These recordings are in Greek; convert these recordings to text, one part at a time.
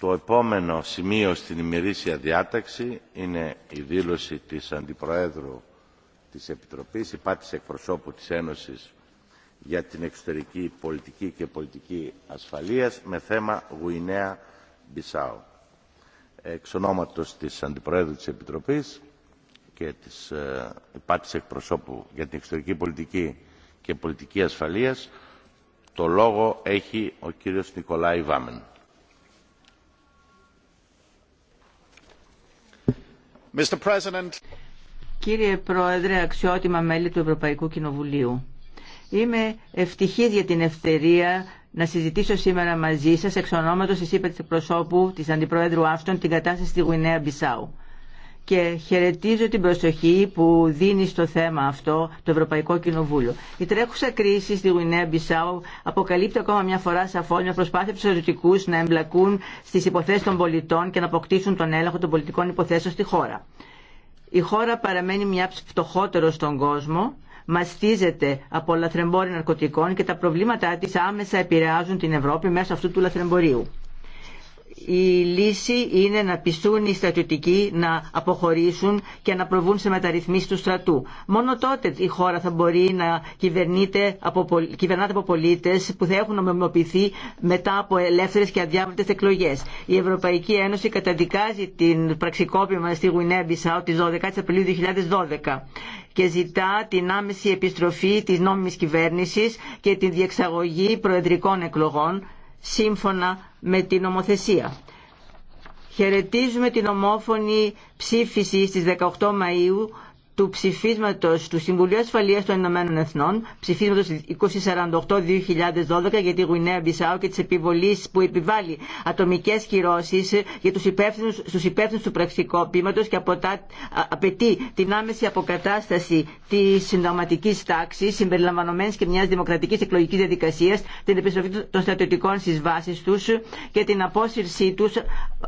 Το επόμενο σημείο στην ημερήσια διάταξη είναι η δήλωση της Αντιπροέδρου της Επιτροπής, Πάτης εκπροσώπου της Ένωσης για την εξωτερική πολιτική και πολιτική ασφαλείας με θέμα Γουινέα Μπισάου. Εξ ονόματος της Αντιπροέδρου της Επιτροπής και της ε, της εκπροσώπου για την εξωτερική πολιτική και πολιτική ασφαλείας το λόγο έχει ο κύριος Νικολάη Βάμεν. Κύριε Πρόεδρε, αξιότιμα μέλη του Ευρωπαϊκού Κοινοβουλίου. Είμαι ευτυχή για την ευθερία να συζητήσω σήμερα μαζί σας εξ ονόματος της ΥΠΕΤ προσώπου της Αντιπρόεδρου Αύστον την κατάσταση στη Γουινέα Μπισάου και χαιρετίζω την προσοχή που δίνει στο θέμα αυτό το Ευρωπαϊκό Κοινοβούλιο. Η τρέχουσα κρίση στη Γουινέα Μπισάου αποκαλύπτει ακόμα μια φορά σαφώ μια προσπάθεια του ερωτικού να εμπλακούν στι υποθέσει των πολιτών και να αποκτήσουν τον έλεγχο των πολιτικών υποθέσεων στη χώρα. Η χώρα παραμένει μια φτωχότερο στον κόσμο, μαστίζεται από λαθρεμπόροι ναρκωτικών και τα προβλήματά τη άμεσα επηρεάζουν την Ευρώπη μέσω αυτού του λαθρεμπορίου η λύση είναι να πιστούν οι στρατιωτικοί να αποχωρήσουν και να προβούν σε μεταρρυθμίσεις του στρατού. Μόνο τότε η χώρα θα μπορεί να κυβερνείται από, κυβερνάται από πολίτες που θα έχουν νομιμοποιηθεί μετά από ελεύθερες και αδιάβλητε εκλογές. Η Ευρωπαϊκή Ένωση καταδικάζει την πραξικόπημα στη Γουινέμπισα τη της 12 Απριλίου 2012 και ζητά την άμεση επιστροφή της νόμιμης κυβέρνησης και την διεξαγωγή προεδρικών εκλογών σύμφωνα με την νομοθεσία. Χαιρετίζουμε την ομόφωνη ψήφιση στις 18 Μαΐου του ψηφίσματος του Συμβουλίου Ασφαλείας των Ηνωμένων Εθνών, ψηφίσματος 2048-2012 για τη Γουινέα Μπισάου και τις επιβολής που επιβάλλει ατομικές κυρώσεις για τους υπεύθυνους, στους υπεύθυνους του πραξικόπηματος και αποτά, απαιτεί την άμεση αποκατάσταση της συνταγματικής τάξης συμπεριλαμβανομένης και μιας δημοκρατικής εκλογικής διαδικασίας, την επιστροφή των στρατιωτικών στις βάσεις τους και την απόσυρσή τους,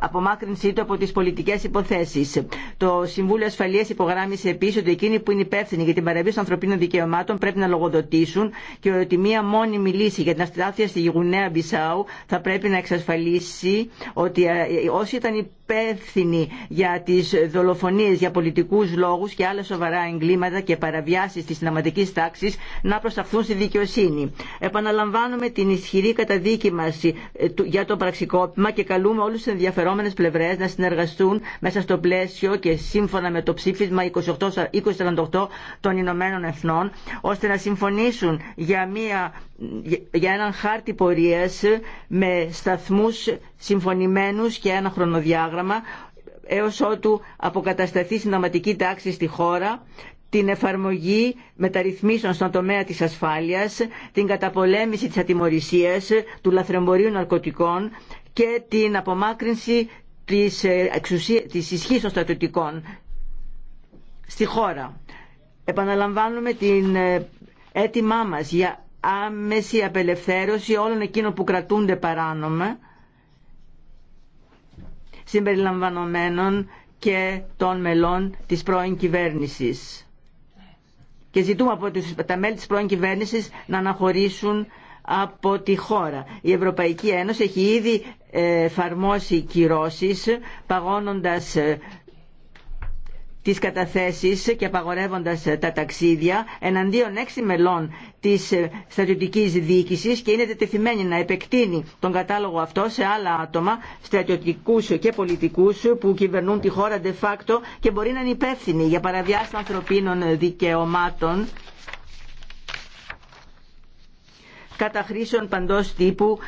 απομάκρυνσή του από τις πολιτικές υποθέσεις. Το Συμβούλιο Ασφαλείας υπογράμμισε ότι εκείνοι που είναι υπεύθυνοι για την παραβίαση των ανθρωπίνων δικαιωμάτων πρέπει να λογοδοτήσουν και ότι μία μόνιμη λύση για την αστάθεια στη Γουνέα Μπισάου θα πρέπει να εξασφαλίσει ότι ε, όσοι ήταν υπεύθυνοι για τι δολοφονίε για πολιτικού λόγου και άλλα σοβαρά εγκλήματα και παραβιάσεις τη συναματική τάξη να προσταχθούν στη δικαιοσύνη. Επαναλαμβάνουμε την ισχυρή καταδίκη μα ε, για το πραξικόπημα και καλούμε όλου του ενδιαφερόμενε πλευρέ να συνεργαστούν μέσα στο πλαίσιο και σύμφωνα με το ψήφισμα 28 2048 των Ηνωμένων Εθνών ώστε να συμφωνήσουν για, μια, για έναν χάρτη πορείας με σταθμούς συμφωνημένους και ένα χρονοδιάγραμμα έως ότου αποκατασταθεί συνταγματική τάξη στη χώρα την εφαρμογή μεταρρυθμίσεων στον τομέα της ασφάλειας, την καταπολέμηση της ατιμορρησίας, του λαθρεμπορίου ναρκωτικών και την απομάκρυνση της, ε, εξουσία, της ισχύς των στρατιωτικών στη χώρα. Επαναλαμβάνουμε την ε, έτοιμά μας για άμεση απελευθέρωση όλων εκείνων που κρατούνται παράνομα συμπεριλαμβανομένων και των μελών της πρώην Και ζητούμε από τα μέλη της πρώην κυβέρνησης να αναχωρήσουν από τη χώρα. Η Ευρωπαϊκή Ένωση έχει ήδη ε, εφαρμόσει κυρώσεις παγώνοντας ε, τις καταθέσεις και απαγορεύοντας τα ταξίδια εναντίον έξι μελών της στρατιωτικής διοίκησης και είναι τετεθειμένη να επεκτείνει τον κατάλογο αυτό σε άλλα άτομα, στρατιωτικούς και πολιτικούς που κυβερνούν τη χώρα de facto και μπορεί να είναι υπεύθυνοι για παραβιάση ανθρωπίνων δικαιωμάτων κατά χρήσεων παντός τύπου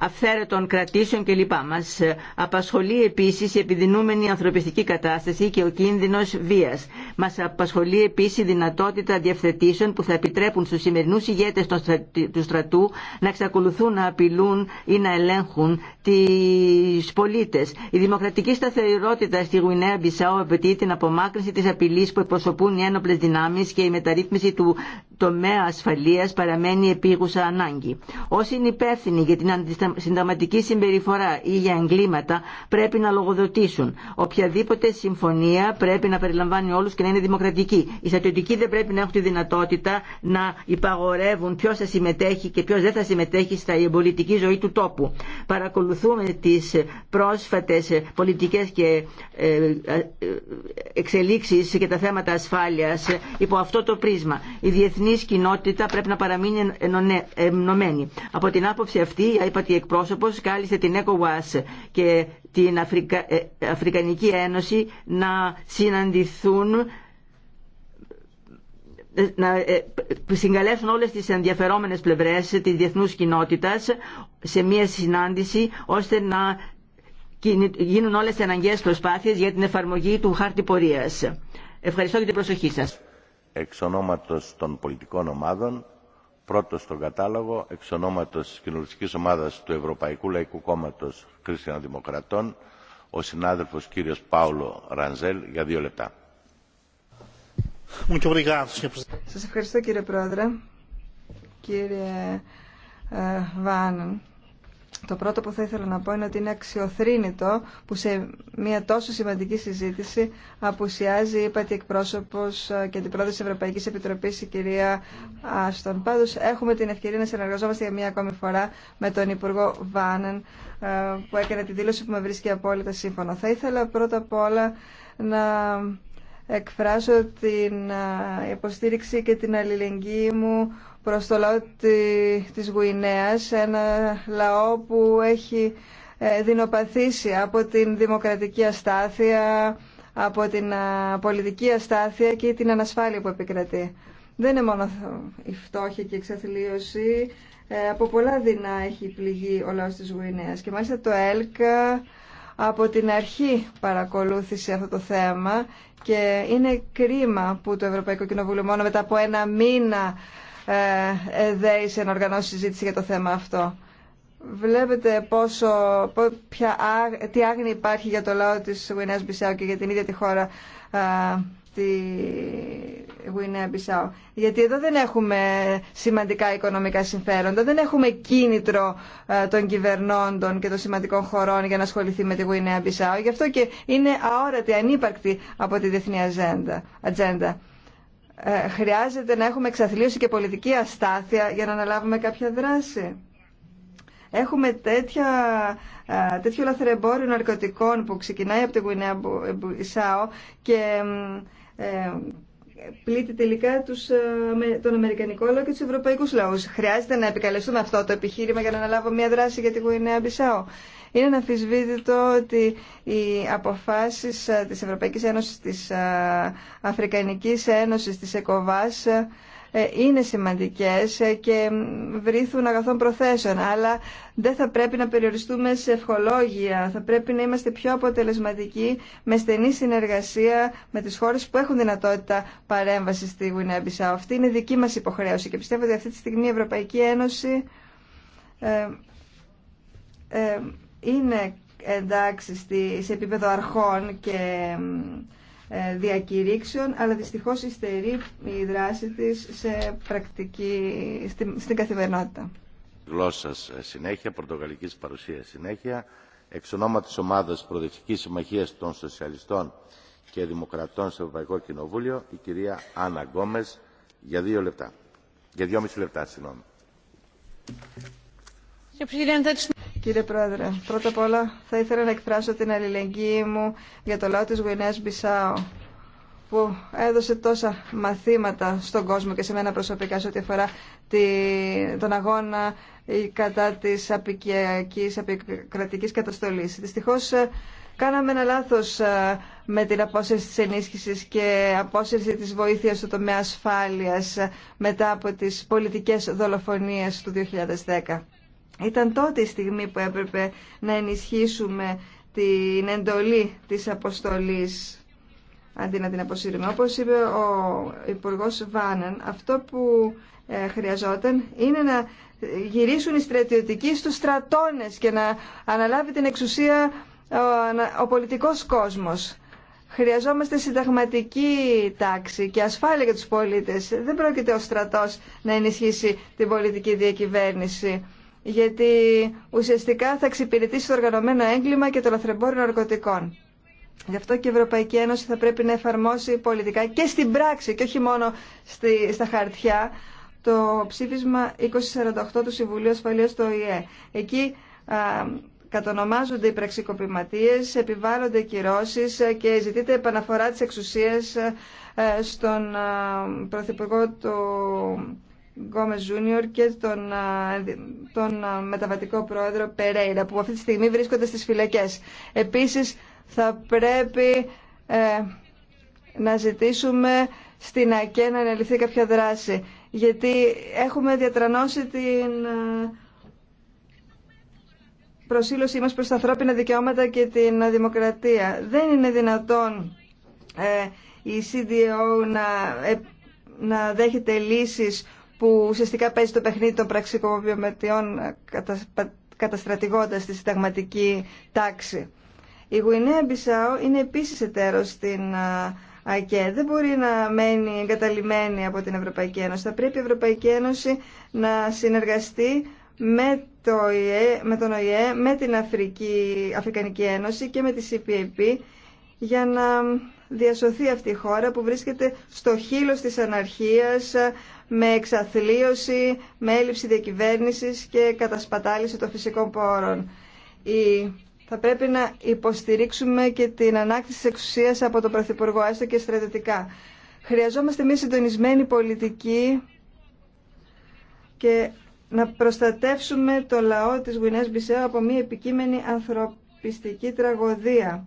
αυθαίρετων κρατήσεων κλπ. Μας ε, απασχολεί επίσης η επιδεινούμενη ανθρωπιστική κατάσταση και ο κίνδυνος βίας. Μας απασχολεί επίσης η δυνατότητα διευθετήσεων που θα επιτρέπουν στους σημερινούς ηγέτες του στρατού να εξακολουθούν να απειλούν ή να ελέγχουν τις πολίτες. Η δημοκρατική σταθερότητα στη Γουινέα Μπισάου απαιτεί την απομάκρυνση της απειλής που εκπροσωπούν οι ένοπλες δυνάμεις και η μεταρρύθμιση του τομέα ασφαλεία παραμένει επίγουσα ανάγκη. Όσοι είναι υπεύθυνοι για την αντισυνταγματική συμπεριφορά ή για εγκλήματα πρέπει να λογοδοτήσουν. Οποιαδήποτε συμφωνία πρέπει να περιλαμβάνει όλου και να είναι δημοκρατική. Οι στρατιωτικοί δεν πρέπει να έχουν τη δυνατότητα να υπαγορεύουν ποιο θα συμμετέχει και ποιο δεν θα συμμετέχει στα πολιτική ζωή του τόπου. Παρακολουθούμε τι πρόσφατε πολιτικέ και ε, ε, ε, εξελίξει και τα θέματα ασφάλεια υπό αυτό το πρίσμα. Η διεθνή διεθνής κοινότητα πρέπει να παραμείνει ενωμένη. Από την άποψη αυτή, η ΑΕΠΑΤΗ εκπρόσωπος κάλεσε την ECOWAS και την Αφρικα... Ε, Αφρικανική Ένωση να συναντηθούν ε, να ε, συγκαλέσουν όλες τις ενδιαφερόμενες πλευρές της διεθνούς κοινότητας σε μία συνάντηση ώστε να γίνουν όλες οι αναγκαίες προσπάθειες για την εφαρμογή του χάρτη πορείας. Ευχαριστώ για την προσοχή σας εξ ονόματος των πολιτικών ομάδων, πρώτος στον κατάλογο, εξ ονόματος της κοινωνιστικής ομάδας του Ευρωπαϊκού Λαϊκού Κόμματος Δημοκρατών, ο συνάδελφος κύριος Πάουλο Ρανζέλ για δύο λεπτά. Σας ευχαριστώ κύριε Πρόεδρε, κύριε ε, Βάνεν. Το πρώτο που θα ήθελα να πω είναι ότι είναι αξιοθρύνητο που σε μια τόσο σημαντική συζήτηση απουσιάζει η ύπατη ε, και την πρόεδρο τη Ευρωπαϊκής Επιτροπής, η κυρία Άστον. Πάντω, έχουμε την ευκαιρία να συνεργαζόμαστε για μια ακόμη φορά με τον Υπουργό Βάνεν ε, που έκανε τη δήλωση που με βρίσκει απόλυτα σύμφωνο. Θα ήθελα πρώτα απ' όλα να εκφράσω την ε, υποστήριξη και την αλληλεγγύη μου προς το λαό της Γουινέας, ένα λαό που έχει ε, δυνοπαθήσει από την δημοκρατική αστάθεια, από την πολιτική αστάθεια και την ανασφάλεια που επικρατεί. Δεν είναι μόνο η φτώχεια και η εξαθλίωση, ε, από πολλά δεινά έχει πληγεί ο λαός της Γουινέας και μάλιστα το ΕΛΚΑ ε, από την αρχή παρακολούθησε αυτό το θέμα και είναι κρίμα που το Ευρωπαϊκό Κοινοβούλιο μόνο μετά από ένα μήνα σε ε, να οργανώσει συζήτηση για το θέμα αυτό. Βλέπετε πόσο, ποια, τι άγνοια υπάρχει για το λαό της Γουινέας Μπισάου και για την ίδια τη χώρα ε, τη Γουινέα Μπισάου. Γιατί εδώ δεν έχουμε σημαντικά οικονομικά συμφέροντα, δεν έχουμε κίνητρο ε, των κυβερνώντων και των σημαντικών χωρών για να ασχοληθεί με τη Γουινέα Μπισάου. Γι' αυτό και είναι αόρατη, ανύπαρκτη από τη διεθνή ατζέντα. Ε, χρειάζεται να έχουμε εξαθλίωση και πολιτική αστάθεια για να αναλάβουμε κάποια δράση. Έχουμε τέτοια, ε, τέτοιο λαθρεμπόριο ναρκωτικών που ξεκινάει από την Γουινέα Μπισάο ε, και ε, πλήττει τελικά τους, τον Αμερικανικό λαό και τους Ευρωπαϊκούς λαούς. Χρειάζεται να επικαλεστούμε αυτό το επιχείρημα για να αναλάβω μια δράση για τη Γουινέα Μπισάο. Είναι αναφυσβήτητο ότι οι αποφάσεις ε, της Ευρωπαϊκής Ένωσης, της ε, Αφρικανικής Ένωσης, της ΕΚΟΒΑΣ ε, είναι σημαντικές και βρίθουν αγαθών προθέσεων, αλλά δεν θα πρέπει να περιοριστούμε σε ευχολόγια. Θα πρέπει να είμαστε πιο αποτελεσματικοί με στενή συνεργασία με τις χώρες που έχουν δυνατότητα παρέμβαση στη Γουινέμπισα. Αυτή είναι δική μας υποχρέωση και πιστεύω ότι αυτή τη στιγμή η Ευρωπαϊκή Ένωση ε, ε, είναι εντάξει στη, σε επίπεδο αρχών και ε, διακηρύξεων, αλλά δυστυχώς υστερεί η δράση της σε πρακτική, στην, στην καθημερινότητα. γλώσσα ε, συνέχεια, πορτογαλικής παρουσίας συνέχεια, εξ της ομάδας Προδευτικής Συμμαχίας των Σοσιαλιστών και Δημοκρατών στο Ευρωπαϊκό Κοινοβούλιο, η κυρία Άννα Γκόμες για δύο λεπτά. Για δυόμιση λεπτά, συγγνώμη. Κύριε Πρόεδρε, πρώτα απ' όλα θα ήθελα να εκφράσω την αλληλεγγύη μου για το λαό της Γουινέας που έδωσε τόσα μαθήματα στον κόσμο και σε μένα προσωπικά σε ό,τι αφορά τη, τον αγώνα κατά της απικιακής, απικρατικής καταστολής. Δυστυχώς ε, κάναμε ένα λάθος ε, με την απόσυρση της ενίσχυσης και απόσυρση της βοήθειας στο τομέα ασφάλειας ε, μετά από τις πολιτικές δολοφονίες του 2010. Ήταν τότε η στιγμή που έπρεπε να ενισχύσουμε την εντολή της αποστολής αντί να την αποσύρουμε. Όπως είπε ο Υπουργός Βάνεν, αυτό που ε, χρειαζόταν είναι να γυρίσουν οι στρατιωτικοί στους στρατώνες και να αναλάβει την εξουσία ο πολιτικός κόσμος. Χρειαζόμαστε συνταγματική τάξη και ασφάλεια για τους πολίτες. Δεν πρόκειται ο στρατός να ενισχύσει την πολιτική διακυβέρνηση γιατί ουσιαστικά θα εξυπηρετήσει το οργανωμένο έγκλημα και το λαθρεμπόριο ναρκωτικών. Γι' αυτό και η Ευρωπαϊκή Ένωση θα πρέπει να εφαρμόσει πολιτικά και στην πράξη και όχι μόνο στη, στα χαρτιά το ψήφισμα 2048 του Συμβουλίου Ασφαλείας του ΟΗΕ. Εκεί κατονομάζονται οι πραξικοπηματίες, επιβάλλονται κυρώσεις και ζητείται επαναφορά της εξουσίας ε, στον Πρωθυπουργό του Ζούνιορ και τον, τον μεταβατικό πρόεδρο Περέιρα που αυτή τη στιγμή βρίσκονται στις φυλακές. Επίσης θα πρέπει ε, να ζητήσουμε στην ΑΚΕ να αναλυθεί κάποια δράση γιατί έχουμε διατρανώσει την προσήλωσή μας προς τα ανθρώπινα δικαιώματα και την δημοκρατία. Δεν είναι δυνατόν ε, η CDO να, ε, να δέχεται λύσεις που ουσιαστικά παίζει το παιχνίδι των πραξικοβιομετειών, καταστρατηγώντας τη συνταγματική τάξη. Η Γουινέα Μπισάου είναι επίσης εταίρος στην ΑΚΕ. Δεν μπορεί να μένει εγκαταλειμμένη από την Ευρωπαϊκή Ένωση. Θα πρέπει η Ευρωπαϊκή Ένωση να συνεργαστεί με, το με τον ΟΗΕ, με την Αφρική, Αφρικανική Ένωση και με τη CPAP για να διασωθεί αυτή η χώρα που βρίσκεται στο χείλος της αναρχίας με εξαθλίωση, με έλλειψη διακυβέρνησης και κατασπατάληση των φυσικών πόρων. Η... Θα πρέπει να υποστηρίξουμε και την ανάκτηση της εξουσίας από τον Πρωθυπουργό, έστω και στρατιωτικά. Χρειαζόμαστε μια συντονισμένη πολιτική και να προστατεύσουμε το λαό της Γουινέας Μπισέου από μια επικείμενη ανθρωπιστική τραγωδία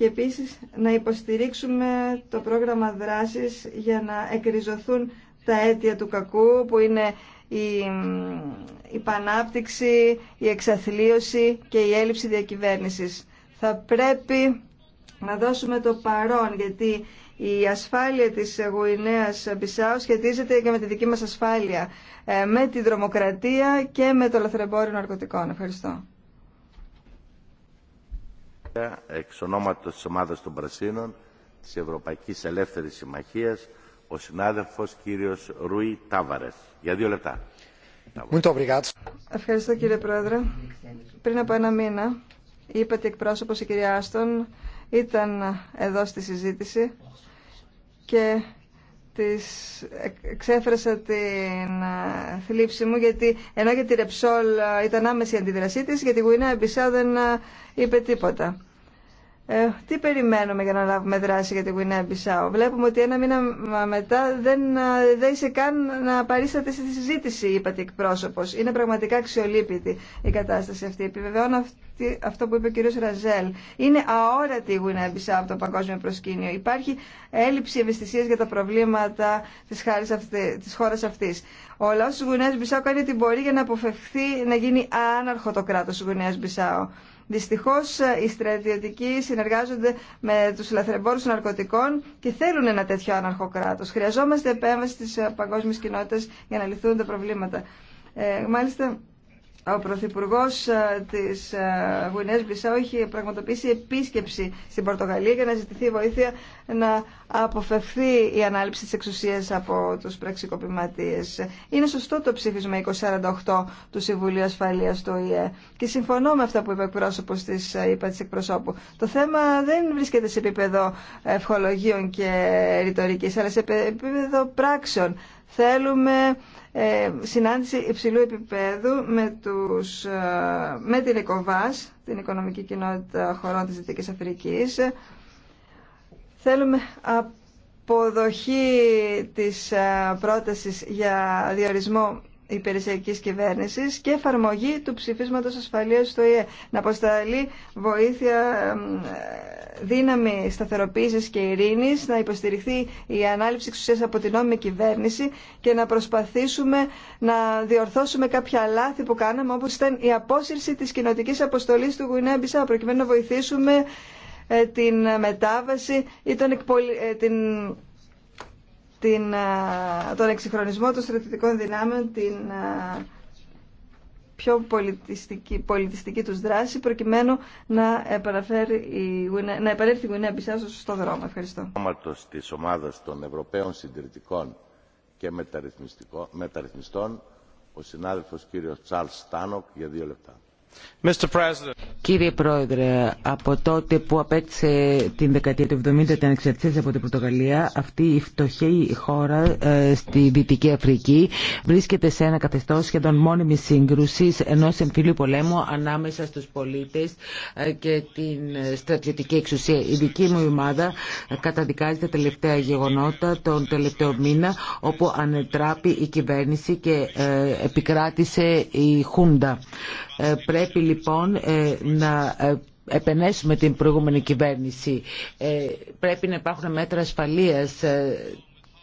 και επίσης να υποστηρίξουμε το πρόγραμμα δράσης για να εκριζωθούν τα αίτια του κακού που είναι η πανάπτυξη, η εξαθλίωση και η έλλειψη διακυβέρνησης. Θα πρέπει να δώσουμε το παρόν γιατί η ασφάλεια της Γουινέας Μπισάου σχετίζεται και με τη δική μας ασφάλεια, ε, με τη δρομοκρατία και με το λαθρεμπόριο ναρκωτικών. Ευχαριστώ εξ ονόματος της ομάδας των Πρασίνων της Ευρωπαϊκής Ελεύθερης Συμμαχίας ο συνάδελφος κύριος Ρουί Τάβαρες. Για δύο λεπτά. Ευχαριστώ κύριε Πρόεδρε. Πριν από ένα μήνα είπε ότι εκπρόσωπο η κυρία Άστον ήταν εδώ στη συζήτηση και της εξέφρασα την ε, θλίψη μου γιατί ενώ για τη Ρεψόλ ε, ήταν άμεση η αντίδρασή της για τη Γουινέα Μπισά δεν ε, είπε τίποτα. Ε, τι περιμένουμε για να λάβουμε δράση για την Γουινέα Μπισάου. Βλέπουμε ότι ένα μήνα μετά ε, δεν είσαι καν να παρίσταται στη συζήτηση, είπατε εκπρόσωπο. Είναι πραγματικά αξιολείπητη η κατάσταση αυτή. Επιβεβαιώνω αυτή, αυτό που είπε ο κ. Ραζέλ. Είναι αόρατη η Γουινέα Μπισάου από το παγκόσμιο προσκήνιο. Υπάρχει έλλειψη ευαισθησία για τα προβλήματα τη χώρα αυτή. Ο λαό τη Γουινέα Μπισάου κάνει ό,τι μπορεί για να αποφευχθεί να γίνει άναρχο το κράτο τη Γουινέα Μπισάου. Δυστυχώ, οι στρατιωτικοί συνεργάζονται με τους λαθρεμπόρους ναρκωτικών και θέλουν ένα τέτοιο άναρχο κράτο. Χρειαζόμαστε επέμβαση τη παγκόσμια κοινότητα για να λυθούν τα προβλήματα. Ε, μάλιστα, ο Πρωθυπουργό ε, τη ε, Γουινέα Μπισάου έχει πραγματοποιήσει επίσκεψη στην Πορτογαλία για να ζητηθεί βοήθεια να αποφευθεί η ανάληψη τη εξουσία από του πραξικοπηματίε. Είναι σωστό το ψήφισμα 2048 του Συμβουλίου Ασφαλεία του ΟΗΕ και συμφωνώ με αυτά που είπε ο εκπρόσωπο τη ε, εκπροσώπου. Το θέμα δεν βρίσκεται σε επίπεδο ευχολογίων και ρητορική, αλλά σε επίπεδο πράξεων. Θέλουμε ε, συνάντηση υψηλού επίπεδου με, τους, ε, με την ΕΚΟΒΑΣ, την Οικονομική Κοινότητα Χωρών της Δυτικής Αφρικής. Θέλουμε αποδοχή της ε, πρότασης για διορισμό υπηρεσιακής κυβέρνησης και εφαρμογή του ψηφίσματος ασφαλείας στο ΙΕ. Να αποσταλεί βοήθεια δύναμη σταθεροποίησης και ειρήνης, να υποστηριχθεί η ανάληψη εξουσίας από την νόμιμη κυβέρνηση και να προσπαθήσουμε να διορθώσουμε κάποια λάθη που κάναμε όπως ήταν η απόσυρση της κοινοτικής αποστολής του Γουινέα Μπισά προκειμένου να βοηθήσουμε ε, την μετάβαση ή ε, την την, ε, τον εξυγχρονισμό των στρατιωτικών δυνάμεων, την ε, πιο πολιτιστική, πολιτιστική τους δράση, προκειμένου να, η, να επανέλθει η Γουινέα στο σωστό δρόμο. Ευχαριστώ. ...της ομάδας των Ευρωπαίων Συντηρητικών και Μεταρρυθμιστών, ο συνάδελφος κύριος Τσάρλς Στάνοκ για δύο λεπτά. Κύριε Πρόεδρε, από τότε που απέκτησε την δεκαετία του 70 την ανεξαρτησία από την Πορτογαλία, αυτή η φτωχή χώρα ε, στη Δυτική Αφρική βρίσκεται σε ένα καθεστώ σχεδόν μόνιμη σύγκρουση ενό εμφυλίου πολέμου ανάμεσα στου πολίτε ε, και την στρατιωτική εξουσία. Η δική μου ομάδα ε, καταδικάζει τα τελευταία γεγονότα τον τελευταίο μήνα, όπου ανετράπη η κυβέρνηση και επικράτησε η Χούντα. Ε, πρέπει λοιπόν ε, να ε, επενέσουμε την προηγούμενη κυβέρνηση. Πρέπει να υπάρχουν μέτρα ασφαλείας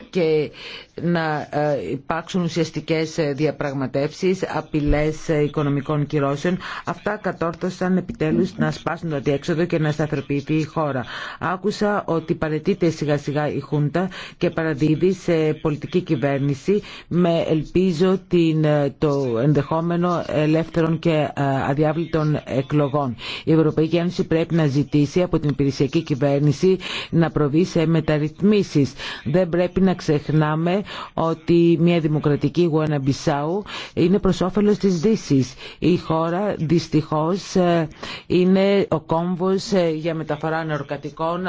και να ε, υπάρξουν ουσιαστικές ε, διαπραγματεύσεις, απειλές ε, οικονομικών κυρώσεων. Αυτά κατόρθωσαν επιτέλους να σπάσουν το αντιέξοδο και να σταθεροποιηθεί η χώρα. Άκουσα ότι παρετείται σιγά σιγά η Χούντα και παραδίδει σε πολιτική κυβέρνηση με ελπίζω την, το ενδεχόμενο ελεύθερων και αδιάβλητων εκλογών. Η Ευρωπαϊκή Ένωση πρέπει να ζητήσει από την υπηρεσιακή κυβέρνηση να προβεί σε μεταρρυθμίσει να ξεχνάμε ότι μια δημοκρατική γουένα είναι προς όφελος της Δύσης. Η χώρα δυστυχώς ε, είναι ο κόμβος ε, για μεταφορά νεροκατοικών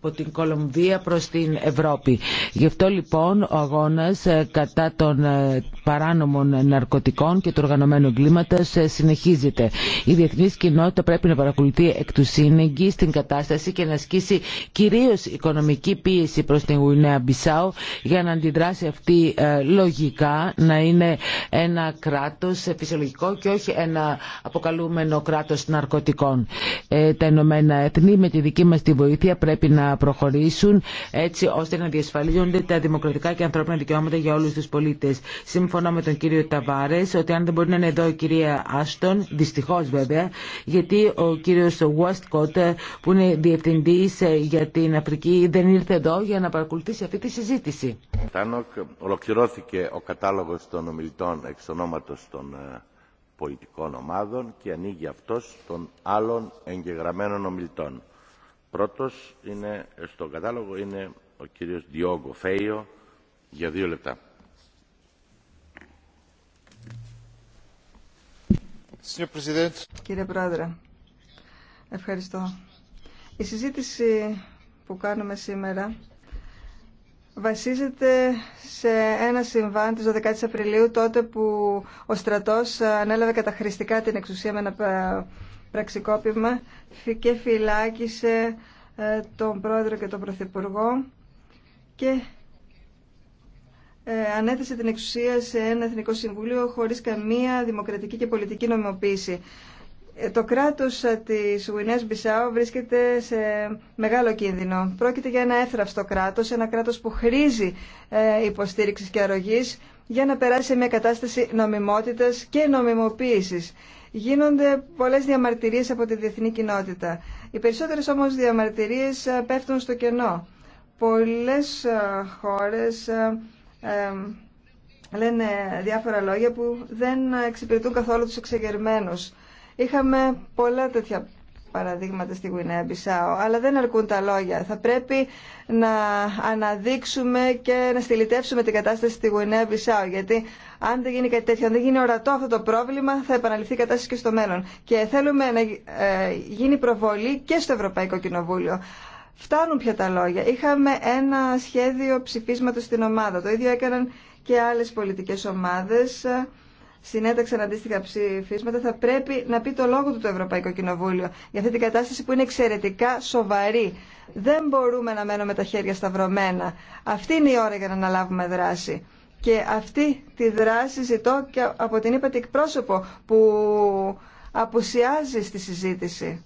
από την Κολομβία προς την Ευρώπη. Γι' αυτό λοιπόν ο αγώνας ε, κατά των ε, παράνομων ναρκωτικών και του οργανωμένου εγκλήματος ε, συνεχίζεται. Η διεθνής κοινότητα πρέπει να παρακολουθεί εκ του σύνεγγυ στην κατάσταση και να ασκήσει κυρίως οικονομική πίεση προς την Γουινέα Μπισάου για να αντιδράσει αυτή λογικά να είναι ένα κράτος φυσιολογικό και όχι ένα αποκαλούμενο κράτος ναρκωτικών. τα Ηνωμένα Έθνη με τη δική μας τη βοήθεια πρέπει να προχωρήσουν έτσι ώστε να διασφαλίζονται τα δημοκρατικά και ανθρώπινα δικαιώματα για όλου του πολίτε. Σύμφωνα με τον κύριο Ταβάρε ότι αν δεν μπορεί να είναι εδώ η κυρία Άστον, δυστυχώ βέβαια, γιατί ο κύριο Westcott που είναι διευθυντή για την Αφρική δεν ήρθε εδώ για να παρακολουθήσει αυτή τη συζήτηση. Τάνοκ, ολοκληρώθηκε ο κατάλογο των ομιλητών εξ ονόματο των ε, πολιτικών ομάδων και ανοίγει αυτός των άλλων εγγεγραμμένων ομιλητών. Πρώτος είναι, ε, στον κατάλογο είναι ο κύριος Διόγκο Φέιο για δύο λεπτά. Κύριε Πρόεδρε, ευχαριστώ. Η συζήτηση που κάνουμε σήμερα βασίζεται σε ένα συμβάν της 12 Απριλίου τότε που ο στρατός ανέλαβε καταχρηστικά την εξουσία με ένα ε, πραξικόπημα και φυλάκισε ε, τον πρόεδρο και τον πρωθυπουργό και ε, ανέθεσε την εξουσία σε ένα εθνικό συμβουλίο χωρίς καμία δημοκρατική και πολιτική νομιμοποίηση. Ε, το κράτος της Γουινέας Μπισάου βρίσκεται σε μεγάλο κίνδυνο. Πρόκειται για ένα έθραυστο κράτος, ένα κράτος που χρήζει υποστήριξης και αρρωγής για να περάσει σε μια κατάσταση νομιμότητας και νομιμοποίησης. Γίνονται πολλές διαμαρτυρίες από τη διεθνή κοινότητα. Οι περισσότερες όμως διαμαρτυρίες ε, πέφτουν στο κενό. Πολλές ε, χώρες ε, λένε διάφορα λόγια που δεν εξυπηρετούν καθόλου τους εξεγερμένους. Είχαμε πολλά τέτοια παραδείγματα στη Γουινέα Μπισάο, αλλά δεν αρκούν τα λόγια. Θα πρέπει να αναδείξουμε και να στυλιτεύσουμε την κατάσταση στη Γουινέα Μπισάο, γιατί αν δεν γίνει κάτι τέτοιο, αν δεν γίνει ορατό αυτό το πρόβλημα, θα επαναληφθεί η κατάσταση και στο μέλλον. Και θέλουμε να ε, γίνει προβολή και στο Ευρωπαϊκό Κοινοβούλιο. Φτάνουν πια τα λόγια. Είχαμε ένα σχέδιο ψηφίσματος στην ομάδα. Το ίδιο έκαναν και άλλες πολιτικές ομάδες συνέταξαν αντίστοιχα ψηφίσματα, θα πρέπει να πει το λόγο του το Ευρωπαϊκό Κοινοβούλιο για αυτή την κατάσταση που είναι εξαιρετικά σοβαρή. Δεν μπορούμε να μένουμε τα χέρια σταυρωμένα. Αυτή είναι η ώρα για να αναλάβουμε δράση. Και αυτή τη δράση ζητώ και από την είπατε εκπρόσωπο που απουσιάζει στη συζήτηση.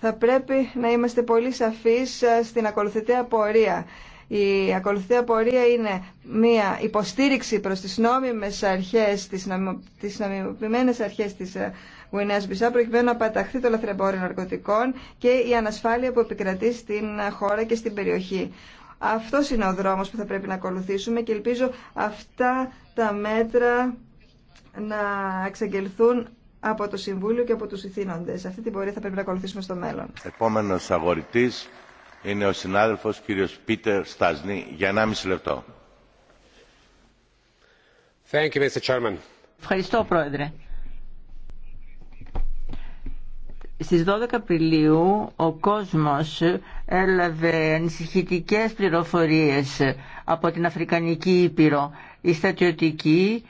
Θα πρέπει να είμαστε πολύ σαφείς στην ακολουθητή απορία η ακολουθή απορία είναι μια υποστήριξη προς τις νόμιμες αρχές, τις, αρχέ τη αρχές της ε, Γουινέας Μπισά προκειμένου να παταχθεί το λαθρεμπόριο ναρκωτικών και η ανασφάλεια που επικρατεί στην χώρα και στην περιοχή. Αυτό είναι ο δρόμος που θα πρέπει να ακολουθήσουμε και ελπίζω αυτά τα μέτρα να εξαγγελθούν από το Συμβούλιο και από τους ηθήνοντες. Αυτή την πορεία θα πρέπει να ακολουθήσουμε στο μέλλον. Επόμενος αγορητής, είναι ο συνάδελφος κύριος Πίτερ Στασνή για 1,5 λεπτό. Ευχαριστώ, Πρόεδρε. Στις 12 Απριλίου ο κόσμος έλαβε ανησυχητικές πληροφορίες από την Αφρικανική Ήπειρο. Η στατιωτική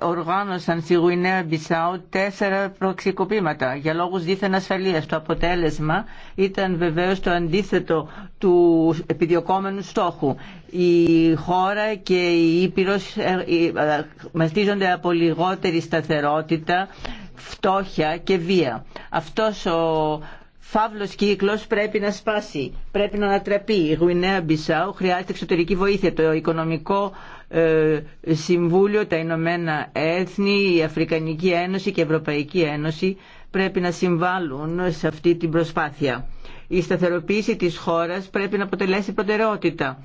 οργάνωσαν στη Γουινέα Μπισάου τέσσερα προξικοπήματα για λόγους δίθεν ασφαλείας. Το αποτέλεσμα ήταν βεβαίως το αντίθετο του επιδιωκόμενου στόχου. Η χώρα και η Ήπειρος ε, ε, μαστίζονται από λιγότερη σταθερότητα, φτώχεια και βία. Αυτός ο φαύλος κύκλος πρέπει να σπάσει, πρέπει να ανατραπεί. Η Γουινέα Μπισάου χρειάζεται εξωτερική βοήθεια. Το Οικονομικό ε, Συμβούλιο, τα Ηνωμένα Έθνη, η Αφρικανική Ένωση και η Ευρωπαϊκή Ένωση πρέπει να συμβάλλουν σε αυτή την προσπάθεια. Η σταθεροποίηση της χώρας πρέπει να αποτελέσει προτεραιότητα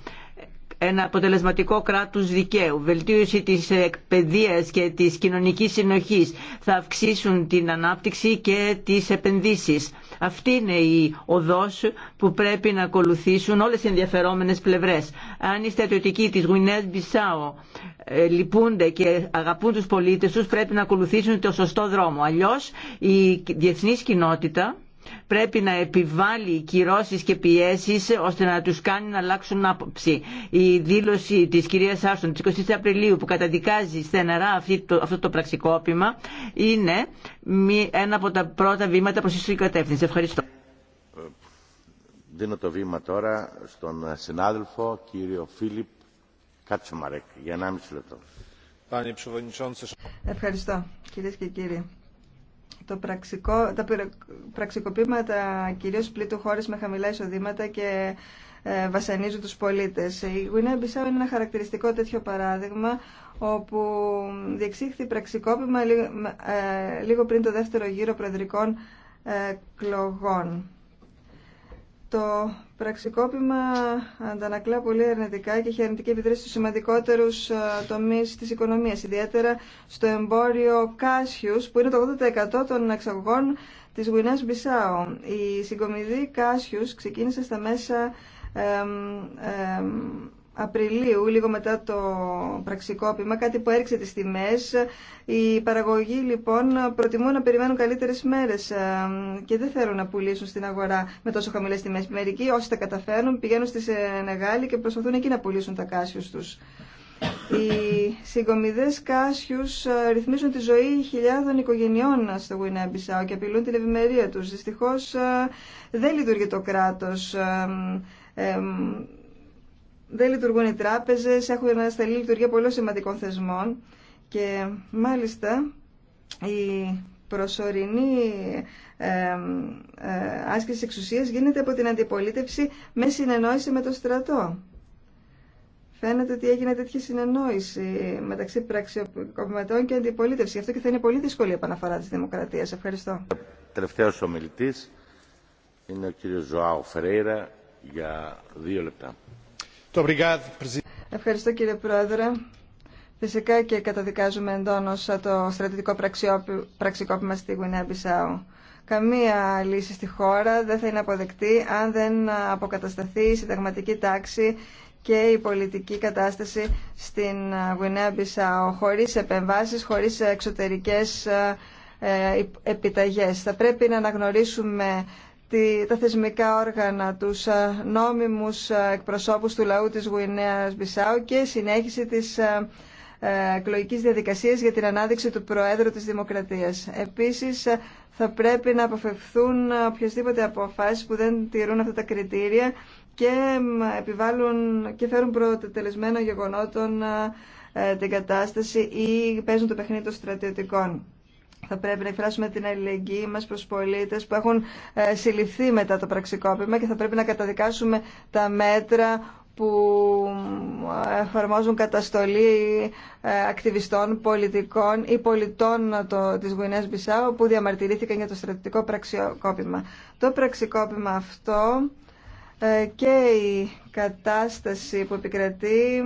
ένα αποτελεσματικό κράτος δικαίου, βελτίωση της εκπαιδείας και της κοινωνικής συνοχής θα αυξήσουν την ανάπτυξη και τις επενδύσεις. Αυτή είναι η οδός που πρέπει να ακολουθήσουν όλες οι ενδιαφερόμενες πλευρές. Αν οι στρατιωτικοί της Γουινέας Μπισάο ε, λυπούνται και αγαπούν τους πολίτες τους, πρέπει να ακολουθήσουν το σωστό δρόμο. Αλλιώς η διεθνής κοινότητα πρέπει να επιβάλλει κυρώσεις και πιέσεις ώστε να τους κάνει να αλλάξουν άποψη. Η δήλωση της κυρίας Άστον της 20 Απριλίου που καταδικάζει στεναρά αυτό το πραξικόπημα είναι ένα από τα πρώτα βήματα προς τη κατεύθυνση. Ευχαριστώ. Ε, δίνω το βήμα τώρα στον συνάδελφο κύριο Φίλιπ Κάτσομαρεκ για 1,5 λεπτό. Ευχαριστώ κυρίες και κύριοι το πραξικό, τα πραξικοπήματα κυρίως πλήττουν χώρες με χαμηλά εισοδήματα και ε, βασανίζουν τους πολίτες. Η Γουινέα είναι ένα χαρακτηριστικό τέτοιο παράδειγμα όπου διεξήχθη πραξικόπημα ε, λίγο πριν το δεύτερο γύρο προεδρικών ε, κλογών πραξικόπημα αντανακλά πολύ αρνητικά και έχει αρνητική επιδράση στους σημαντικότερους ε, τομείς της οικονομίας, ιδιαίτερα στο εμπόριο Κάσιους, που είναι το 80% των εξαγωγών της Γουινέας Μπισάου. Η συγκομιδή Κάσιους ξεκίνησε στα μέσα Απριλίου, λίγο μετά το πραξικόπημα, κάτι που έριξε τις τιμές. Οι παραγωγοί λοιπόν προτιμούν να περιμένουν καλύτερες μέρες ε, και δεν θέλουν να πουλήσουν στην αγορά με τόσο χαμηλές τιμές. Μερικοί όσοι τα καταφέρνουν πηγαίνουν στη Σενεγάλη και προσπαθούν εκεί να πουλήσουν τα κάσιους τους. Οι συγκομιδές κάσιους ε, ρυθμίζουν τη ζωή χιλιάδων οικογενειών στο Γουινέμπισαο και απειλούν την ευημερία τους. Δυστυχώς ε, δεν λειτουργεί το κράτο δεν λειτουργούν οι τράπεζε, έχουν ανασταλεί λειτουργία πολλών σημαντικών θεσμών και μάλιστα η προσωρινή ε, άσκηση εξουσίας γίνεται από την αντιπολίτευση με συνεννόηση με το στρατό. Φαίνεται ότι έγινε τέτοια συνεννόηση μεταξύ πραξιοκομματών και αντιπολίτευση. Γι' αυτό και θα είναι πολύ δύσκολη η επαναφορά τη δημοκρατία. Ευχαριστώ. Τελευταίο ομιλητή είναι ο κύριο Ζωάο Φρέιρα για δύο λεπτά. Ευχαριστώ κύριε Πρόεδρε. Φυσικά και καταδικάζουμε εντόνω το στρατητικό πραξικόπημα στη Γουινέα Μπισάου. Καμία λύση στη χώρα δεν θα είναι αποδεκτή αν δεν αποκατασταθεί η συνταγματική τάξη και η πολιτική κατάσταση στην Γουινέα Μπισάου χωρίς επεμβάσεις, χωρίς εξωτερικές ε, ε, επιταγές. Θα πρέπει να αναγνωρίσουμε τα θεσμικά όργανα, τους ε, νόμιμους ε, εκπροσώπους του λαού της Γουινέας Μπισάου και συνέχιση της ε, εκλογική διαδικασία για την ανάδειξη του Προέδρου της Δημοκρατίας. Επίσης, θα πρέπει να αποφευθούν οποιασδήποτε αποφάσεις που δεν τηρούν αυτά τα κριτήρια και επιβάλλουν και φέρουν προτελεσμένο γεγονότων την κατάσταση ή παίζουν το παιχνίδι των στρατιωτικών θα πρέπει να εκφράσουμε την αλληλεγγύη μας προς πολίτες που έχουν ε, συλληφθεί μετά το πραξικόπημα και θα πρέπει να καταδικάσουμε τα μέτρα που ε, εφαρμόζουν καταστολή ε, ακτιβιστών, πολιτικών ή πολιτών το, της Γουινές Μπισάου που διαμαρτυρήθηκαν για το στρατιωτικό πραξικόπημα. Το πραξικόπημα αυτό και η κατάσταση που επικρατεί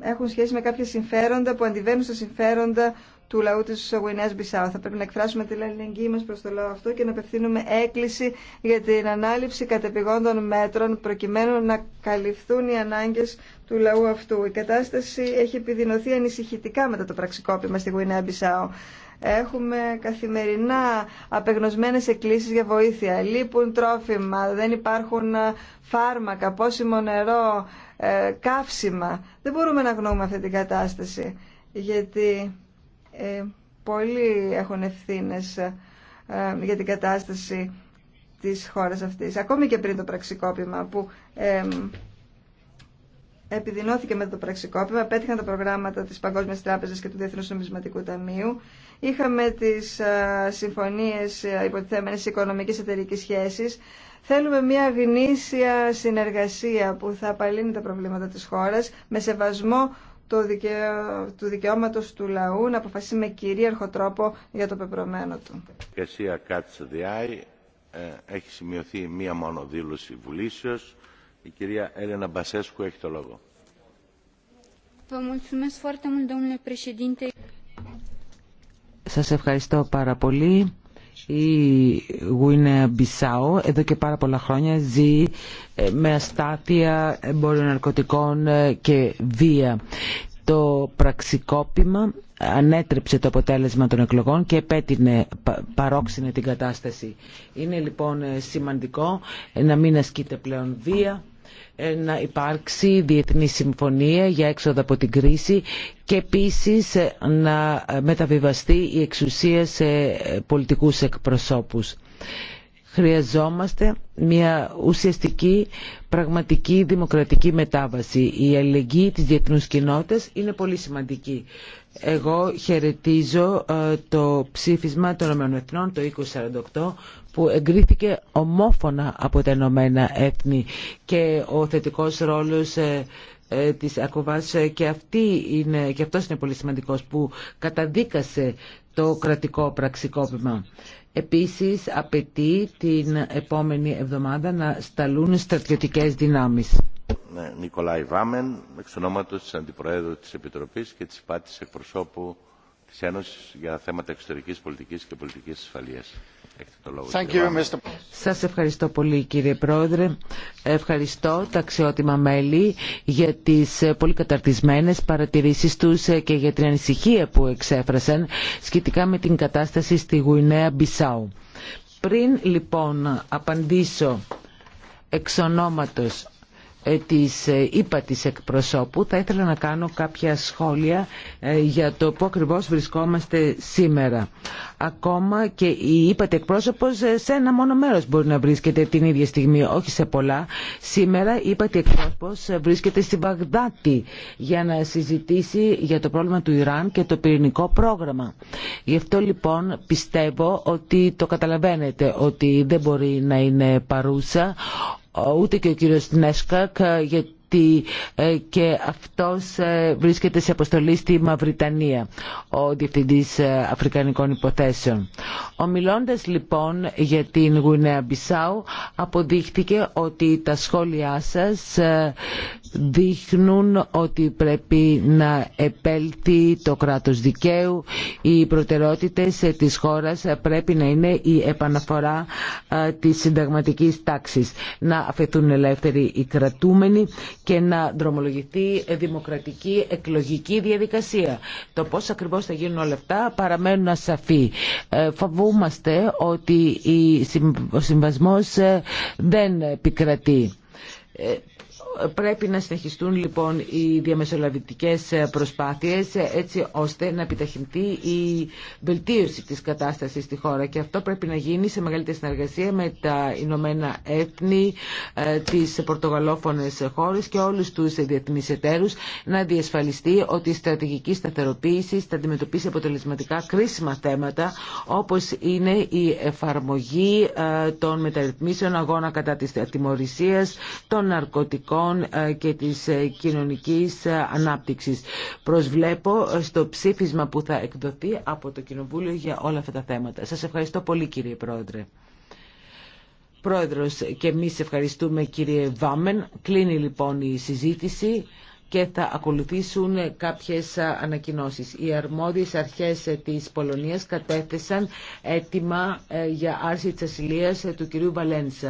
έχουν σχέση με κάποια συμφέροντα που αντιβαίνουν στα συμφέροντα του λαού της Γουινέα Μπισάου. Θα πρέπει να εκφράσουμε την αλληλεγγύη μας προς το λαό αυτό και να απευθύνουμε έκκληση για την ανάληψη κατεπηγόντων μέτρων προκειμένου να καλυφθούν οι ανάγκες του λαού αυτού. Η κατάσταση έχει επιδεινωθεί ανησυχητικά μετά το πραξικόπημα στη Γουινέα Μπισάου. Έχουμε καθημερινά απεγνωσμένες εκκλήσεις για βοήθεια. Λείπουν τρόφιμα, δεν υπάρχουν φάρμακα, πόσιμο νερό, ε, καύσιμα. Δεν μπορούμε να γνώμη αυτή την κατάσταση, γιατί ε, πολλοί έχουν ευθύνες ε, για την κατάσταση της χώρας αυτής. Ακόμη και πριν το πραξικόπημα που επιδεινώθηκε με το πραξικόπημα, πέτυχαν τα προγράμματα της Παγκόσμιας Τράπεζας και του Διεθνούς Νομισματικού Ταμείου. Είχαμε τις ε, συμφωνίες υποτιθέμενες οικονομικής εταιρικής σχέσης. Θέλουμε μια γνήσια συνεργασία που θα απαλύνει τα προβλήματα της χώρας με σεβασμό το δικαίω, του δικαιώματος του λαού να αποφασίσει με κυρίαρχο τρόπο για το πεπρωμένο του. Κασία Κάτς Διάη, έχει σημειωθεί μία μόνο δήλωση βουλήσεως. Η κυρία Έλενα Μπασέσκου έχει το λόγο. Σας ευχαριστώ πάρα πολύ. Η Γουίνεα Μπισάου εδώ και πάρα πολλά χρόνια ζει ε, με αστάθεια εμπόριων ναρκωτικών ε, και βία. Το πραξικόπημα ανέτρεψε το αποτέλεσμα των εκλογών και επέτεινε, την κατάσταση. Είναι λοιπόν ε, σημαντικό να μην ασκείται πλέον βία ε, να υπάρξει διεθνή συμφωνία για έξοδο από την κρίση και επίσης ε, να μεταβιβαστεί η εξουσία σε ε, πολιτικούς εκπροσώπους. Χρειαζόμαστε μια ουσιαστική πραγματική δημοκρατική μετάβαση. Η αλληλεγγύη της διεθνούς κοινότητας είναι πολύ σημαντική. Εγώ χαιρετίζω ε, το ψήφισμα των εθνών, το 2048 που εγκρίθηκε ομόφωνα από τα Ηνωμένα Έθνη και ο θετικός ρόλος ε, ε, της Ακοβάς και, αυτή είναι, και αυτός είναι πολύ σημαντικός που καταδίκασε το κρατικό πραξικόπημα. Επίσης απαιτεί την επόμενη εβδομάδα να σταλούν στρατιωτικές δυνάμεις. Ναι, Νικολάη Βάμεν, εξ ονόματος της Αντιπροέδρου της Επιτροπής και της Υπάτης Εκπροσώπου της Ένωσης για θέματα εξωτερικής πολιτικής και πολιτικής ασφαλείας. Σας ευχαριστώ πολύ κύριε Πρόεδρε. Ευχαριστώ τα αξιότιμα μέλη για τις ε, πολύ καταρτισμένες παρατηρήσεις τους ε, και για την ανησυχία που εξέφρασαν σχετικά με την κατάσταση στη Γουινέα Μπισάου. Πριν λοιπόν απαντήσω εξ ε, της ε, είπα της εκπροσώπου θα ήθελα να κάνω κάποια σχόλια ε, για το που ακριβώ βρισκόμαστε σήμερα. Ακόμα και η είπατε εκπρόσωπος σε ένα μόνο μέρος μπορεί να βρίσκεται την ίδια στιγμή, όχι σε πολλά. Σήμερα η είπατε εκπρόσωπος βρίσκεται στη Βαγδάτη για να συζητήσει για το πρόβλημα του Ιράν και το πυρηνικό πρόγραμμα. Γι' αυτό λοιπόν πιστεύω ότι το καταλαβαίνετε ότι δεν μπορεί να είναι παρούσα ε, ούτε και ο κύριος Νέσκακ ε, γιατί ε, και αυτός βρίσκεται σε αποστολή στη Μαυριτανία, ο Διευθυντής Αφρικανικών Υποθέσεων. Ομιλώντας λοιπόν για την Γουινέα Μπισάου, αποδείχτηκε ότι τα σχόλιά σας δείχνουν ότι πρέπει να επέλθει το κράτος δικαίου. Οι προτεραιότητες της χώρας πρέπει να είναι η επαναφορά της συνταγματικής τάξης. Να αφαιθούν ελεύθεροι οι κρατούμενοι και να δρομολογηθεί δημοκρατική εκλογική διαδικασία. Το πώς ακριβώς θα γίνουν όλα αυτά παραμένουν ασαφή. Ε, φοβούμαστε ότι ο συμβασμός ε, δεν επικρατεί ε, Πρέπει να συνεχιστούν λοιπόν οι διαμεσολαβητικές προσπάθειες έτσι ώστε να επιταχυνθεί η βελτίωση της κατάστασης στη χώρα και αυτό πρέπει να γίνει σε μεγαλύτερη συνεργασία με τα Ηνωμένα Έθνη, ε, τις πορτογαλόφωνες χώρες και όλους τους διεθνείς εταίρους να διασφαλιστεί ότι η στρατηγική σταθεροποίηση θα αντιμετωπίσει αποτελεσματικά κρίσιμα θέματα όπως είναι η εφαρμογή ε, των μεταρρυθμίσεων αγώνα κατά της ατιμορρησίας, των ναρκωτικών ε, και της ε, κοινωνικής ε, ανάπτυξης. Προσβλέπω στο ψήφισμα που θα εκδοθεί από το Κοινοβούλιο για όλα αυτά τα θέματα. Σας ευχαριστώ πολύ κύριε Πρόεδρε. Πρόεδρος και εμείς ευχαριστούμε κύριε Βάμεν. Κλείνει λοιπόν η συζήτηση και θα ακολουθήσουν κάποιες ανακοινώσεις. Οι αρμόδιες αρχές της Πολωνίας κατέθεσαν έτοιμα για άρση της ασυλίας του κυρίου Βαλένσα.